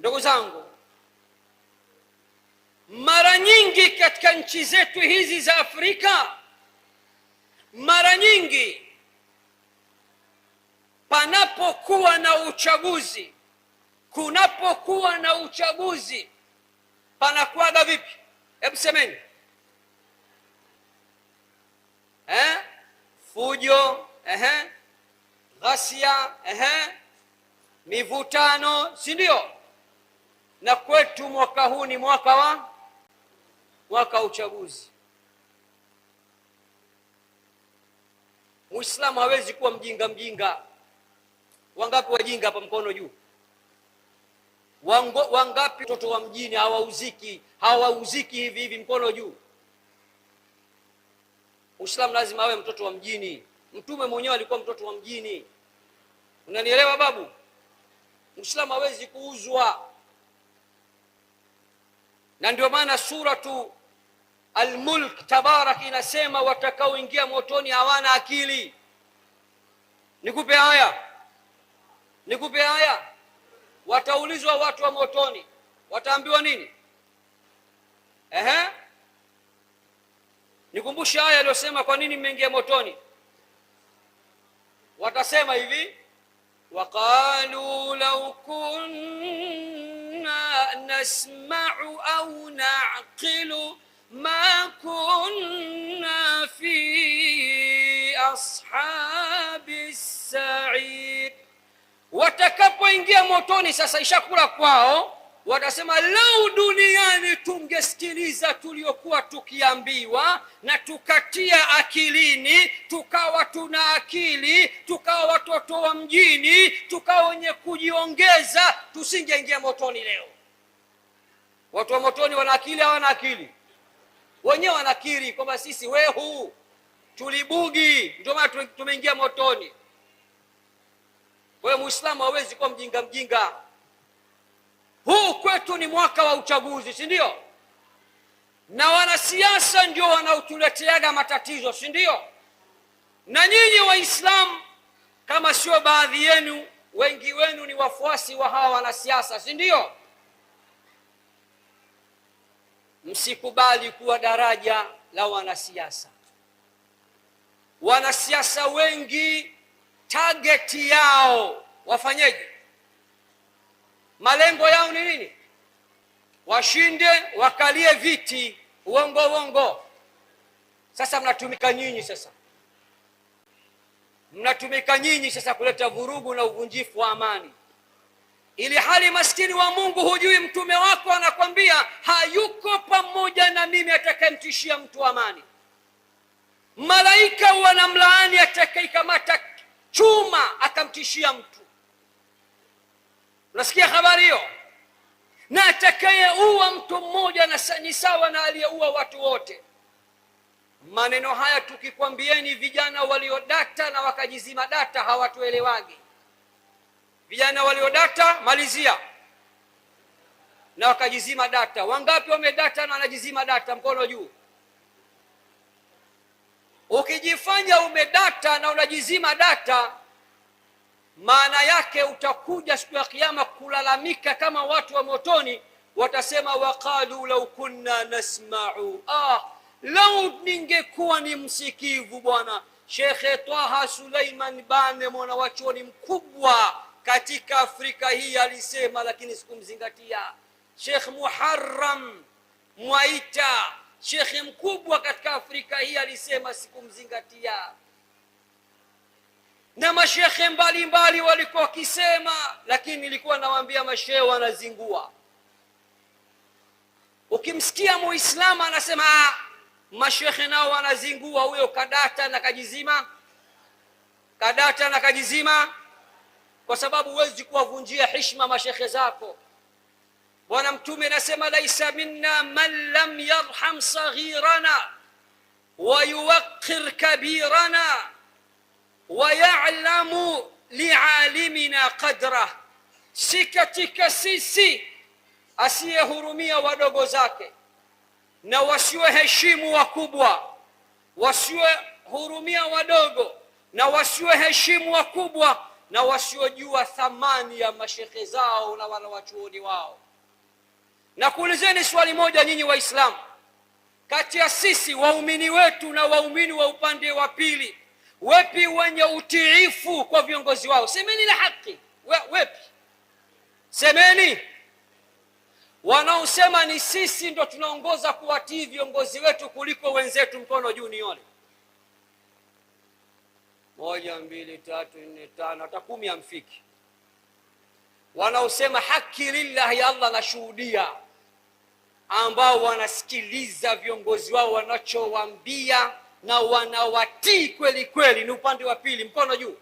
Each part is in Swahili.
ndugu zangu mara nyingi katika nchi zetu hizi za afrika mara nyingi panapokuwa na uchaguzi kunapokuwa na uchaguzi panakuwaga vipi hebu semeni eh? fujo eh? ghasia eh? mivutano si ndio na kwetu mwaka huu ni mwaka wa mwaka wa uchaguzi. Muislamu hawezi kuwa mjinga mjinga. Wangapi wajinga hapa, mkono juu? Wango, wangapi watoto wa mjini hawauziki hawauziki hivi hivi, mkono juu. Muislamu lazima awe mtoto wa mjini. Mtume mwenyewe alikuwa mtoto wa mjini, unanielewa babu? Muislamu hawezi kuuzwa na ndio maana suratu Almulk Tabarak inasema watakaoingia motoni hawana akili. Nikupe haya, nikupe haya. Wataulizwa watu wa motoni, wataambiwa nini? Ehe, nikumbushe haya aliyosema, kwa nini mmeingia motoni? Watasema hivi, waqalu law kunna كنا نسمع أو نعقل ما كنا في أصحاب السعير watakapoingia motoni sasa ishakula kwao watasema lau duniani tungesikiliza tuliokuwa tukiambiwa na tukatia akilini tukawa tuna akili tukawa watoto wa mjini, tukawa wenye kujiongeza, tusingeingia motoni leo. Watu wa motoni wana akili, hawana akili? Wenyewe wanakiri kwamba sisi wehu tulibugi, ndio maana tumeingia motoni. Kwa hiyo Muislamu hawezi kuwa mjinga mjinga. Huu kwetu ni mwaka wa uchaguzi, si ndio? Na wanasiasa ndio wanaotuleteaga matatizo, si ndio? Na nyinyi Waislamu kama sio baadhi yenu, wengi wenu ni wafuasi wa hawa wanasiasa, si ndio? Msikubali kuwa daraja la wanasiasa. Wanasiasa wengi tageti yao wafanyeje? Malengo yao ni nini? Washinde, wakalie viti. Uongo, uongo. Sasa mnatumika nyinyi sasa mnatumika nyinyi sasa kuleta vurugu na uvunjifu wa amani, ili hali maskini wa Mungu hujui. Mtume wako anakwambia hayuko pamoja na mimi atakayemtishia mtu amani. Malaika wanamlaani atakayekamata chuma akamtishia mtu. Unasikia habari hiyo? Na atakayeua mtu mmoja ni sawa na aliyeua watu wote. Maneno haya tukikwambieni, vijana waliodata na wakajizima data hawatuelewagi. Vijana waliodata malizia na wakajizima data, wangapi wamedata na wanajizima data? Mkono juu. Ukijifanya umedata na unajizima data, maana yake utakuja siku ya kiama kulalamika kama watu wa motoni, watasema waqalu lau kunna nasmau ah lau ningekuwa ni msikivu bwana. Shekhe Twaha Suleiman Bane, mwanawachuoni mkubwa katika Afrika hii alisema, lakini sikumzingatia. Shekh Muharram Mwaita, shekhe mkubwa katika Afrika hii alisema, sikumzingatia. Na mashekhe mbalimbali walikuwa wakisema, lakini nilikuwa nawaambia mashehe wanazingua. Ukimsikia muislamu anasema mashekhe nao wanazingua huyo kadata na kajizima, kadata na kajizima, kwa sababu huwezi kuwavunjia hishma mashekhe zako. Bwana Mtume anasema laisa minna man lam yarham saghirana wa yuwaqir kabirana wa ya'lamu lialimina qadra, si katika sisi asiyehurumia wadogo zake na wasiwaheshimu wakubwa, wasiwahurumia wadogo, na wasiwaheshimu wakubwa, na wasiojua thamani ya mashehe zao na wanawachuoni wao. Na kuulizeni swali moja, nyinyi Waislamu, kati ya sisi waumini wetu na waumini wa upande wa pili, wepi wenye utiifu kwa viongozi wao? Semeni la haki, wepi? Semeni wanaosema ni sisi ndo tunaongoza kuwatii viongozi wetu kuliko wenzetu, mkono juu nione. Moja, mbili, tatu, nne, tano, hata kumi hamfiki. Wanaosema haki lillahi, Allah nashuhudia, ambao wanasikiliza viongozi wao wanachowambia na wanawatii kweli kweli, ni upande wa pili, mkono juu.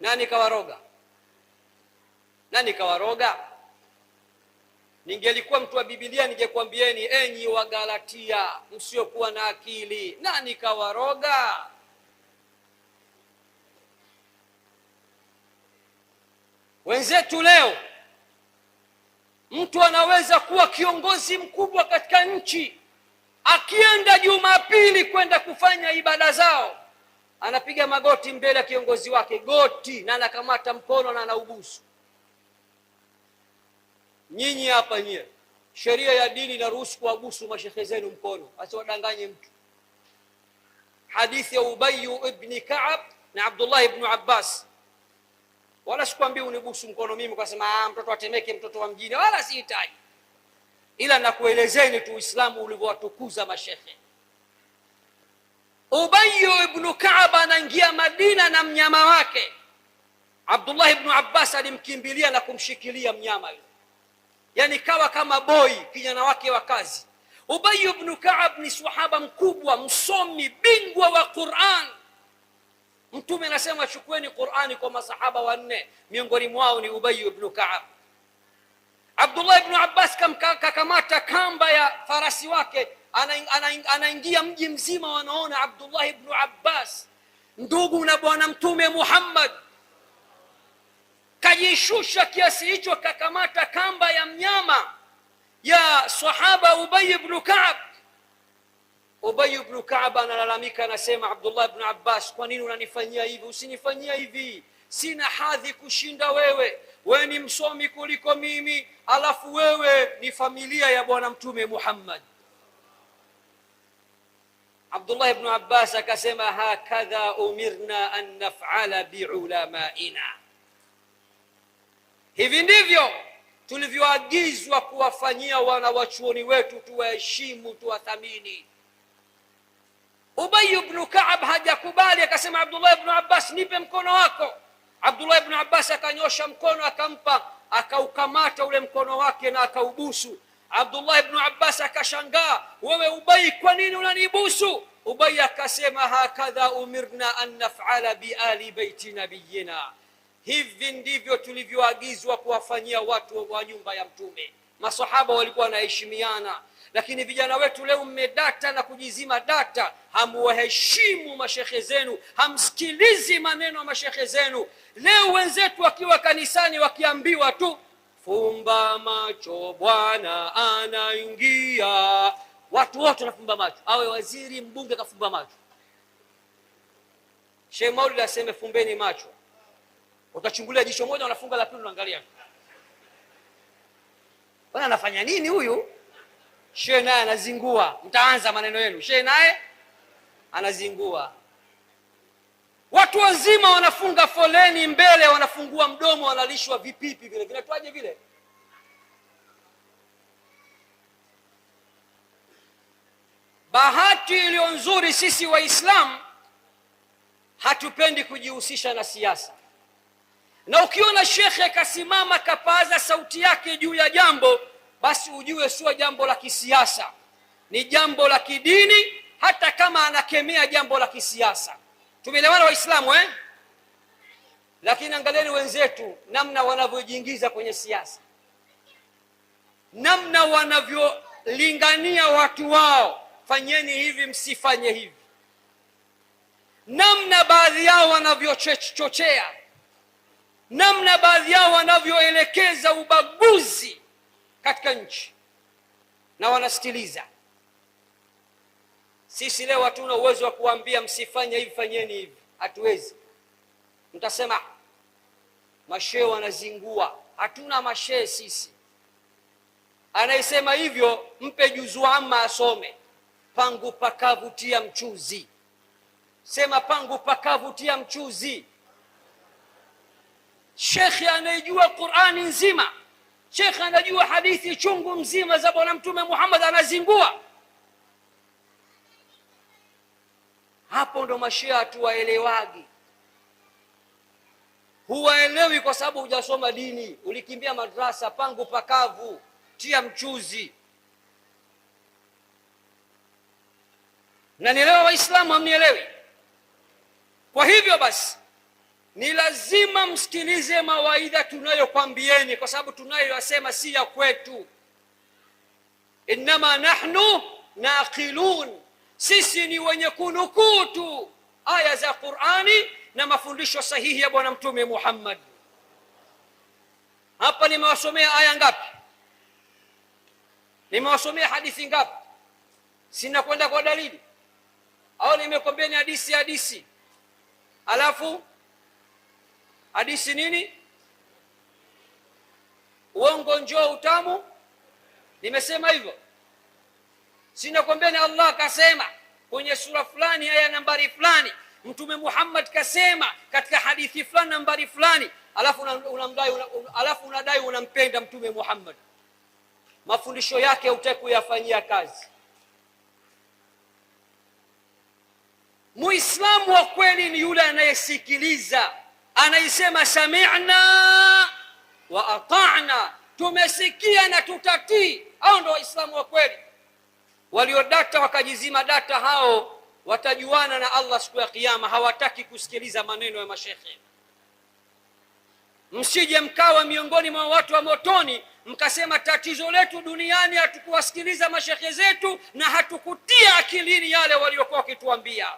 Nani kawaroga? na nikawaroga? Ningelikuwa mtu wa Biblia ningekwambieni, enyi wa galatia msiokuwa na akili, na nikawaroga? Wenzetu leo mtu anaweza kuwa kiongozi mkubwa katika nchi, akienda Jumapili kwenda kufanya ibada zao, anapiga magoti mbele ya kiongozi wake, goti na anakamata mkono na anaubusu Nyinyi hapa nyie, sheria ya dini inaruhusu kuwabusu mashehe zenu mkono, asiwadanganye mtu. Hadithi ya Ubayu ibni Kaab na Abdullah ibnu Abbas, wala sikwambia unibusu mkono mimi ukasema ah, mtoto atemeke, mtoto wa mjini, wala sihitaji, ila nakuelezeni tu Uislamu ulivyowatukuza mashehe. Ubayu ibnu Kaab anaingia Madina na mnyama wake Abdullah ibnu Abbas alimkimbilia na kumshikilia mnyama yule yani kawa kama boy kijana wake wa kazi Ubay ibn Ka'ab ni sahaba mkubwa msomi bingwa wa Qur'an Mtume anasema chukueni Qur'ani kwa masahaba wanne miongoni mwao ni Ubay ibn Ka'ab Abdullah ibn Abbas kakamata kamba ya farasi wake anaingia ana, ana mji mzima wanaona Abdullah ibn Abbas ndugu na bwana mtume Muhammad akajishusha kiasi hicho, akakamata kamba ya mnyama ya sahaba Ubay ibn Ka'b. Ubay ibn Ka'b analalamika, anasema Abdullah ibn Abbas, kwa nini unanifanyia hivi? Usinifanyia hivi, sina hadhi kushinda wewe, wewe ni msomi kuliko mimi, alafu wewe ni familia ya Bwana Mtume Muhammad. Abdullah ibn Abbas akasema, hakadha umirna an naf'ala biulamaina Hivi ndivyo tulivyoagizwa kuwafanyia wanawachuoni wetu, tuwaheshimu, tuwathamini. Ubay bnu Kaab hajakubali, akasema Abdullah bnu Abbas, nipe mkono wako. Abdullah bnu Abbas akanyosha mkono akampa, akaukamata ule mkono wake na akaubusu. Abdullah bnu Abbas akashangaa, wewe Ubai, kwa nini unanibusu? Ubai akasema, hakadha umirna an nafala biali beiti nabiyina Hivi ndivyo tulivyoagizwa kuwafanyia watu wa nyumba ya Mtume. Masahaba walikuwa wanaheshimiana, lakini vijana wetu leo mmedata na kujizima data, hamuwaheshimu mashehe zenu, hamsikilizi maneno ya mashehe zenu. Leo wenzetu wakiwa kanisani wakiambiwa tu fumba macho, bwana anaingia, watu wote wanafumba macho, awe waziri, mbunge, akafumba macho. shehe Maulid aseme fumbeni macho utachungulia jicho moja, unafunga la pili, unaangalia bwana anafanya nini huyu. Shehe naye anazingua, mtaanza maneno yenu, shehe naye anazingua. Watu wazima wanafunga foleni mbele, wanafungua mdomo, wanalishwa vipipi vile vinatwaje vile Bahati iliyo nzuri, sisi Waislamu hatupendi kujihusisha na siasa. Na ukiona shekhe akasimama kapaaza sauti yake juu ya jambo, basi ujue sio jambo la kisiasa, ni jambo la kidini, hata kama anakemea jambo la kisiasa. Tumeelewana Waislamu eh? Lakini angalieni wenzetu namna wanavyojiingiza kwenye siasa, namna wanavyolingania watu wao, fanyeni hivi, msifanye hivi, namna baadhi yao wanavyochochea namna baadhi yao wanavyoelekeza ubaguzi katika nchi na wanasikiliza. Sisi leo hatuna uwezo wa kuambia msifanye hivi, fanyeni hivi, hatuwezi. Mtasema mashehe wanazingua. Hatuna mashehe sisi. Anayesema hivyo mpe juzu ama asome pangu pakavutia mchuzi, sema pangu pakavutia mchuzi shekhe anayejua Qurani nzima, shekhe anajua hadithi chungu mzima za Bwana Mtume Muhammad anazingua. Hapo ndo mashia hatuwaelewagi, huwaelewi kwa sababu hujasoma dini, ulikimbia madrasa, pangu pakavu, tia mchuzi. Na nielewa Waislamu hamnielewi. Kwa hivyo basi ni lazima msikilize mawaidha tunayokwambieni, kwa sababu tunayoyasema si ya kwetu. Innama nahnu naqilun, sisi ni wenye kunukuu tu aya za Qur'ani na mafundisho sahihi ya Bwana Mtume Muhammad. Hapa nimewasomea aya ngapi? Nimewasomea hadithi ngapi? Sina kwenda kwa dalili au nimekwambia ni hadisi hadisi, alafu Hadisi nini? Uongo njoo utamu. Nimesema hivyo, sinakwambia ni Allah kasema kwenye sura fulani, aya nambari fulani, Mtume Muhammad kasema katika hadithi fulani, nambari fulani, alafu unamdai una, una, alafu unadai unampenda Mtume Muhammad, mafundisho yake utakuyafanyia kazi. Muislamu wa kweli ni yule anayesikiliza anaisema sami'na wa ata'na, tumesikia na tutatii. Hao ndio waislamu wa kweli. walio data wakajizima data, hao watajuana na Allah siku ya Kiyama. Hawataki kusikiliza maneno ya mashehe Msije mkawa miongoni mwa watu wa motoni mkasema tatizo letu duniani hatukuwasikiliza mashekhe zetu na hatukutia akilini yale waliokuwa wakituambia.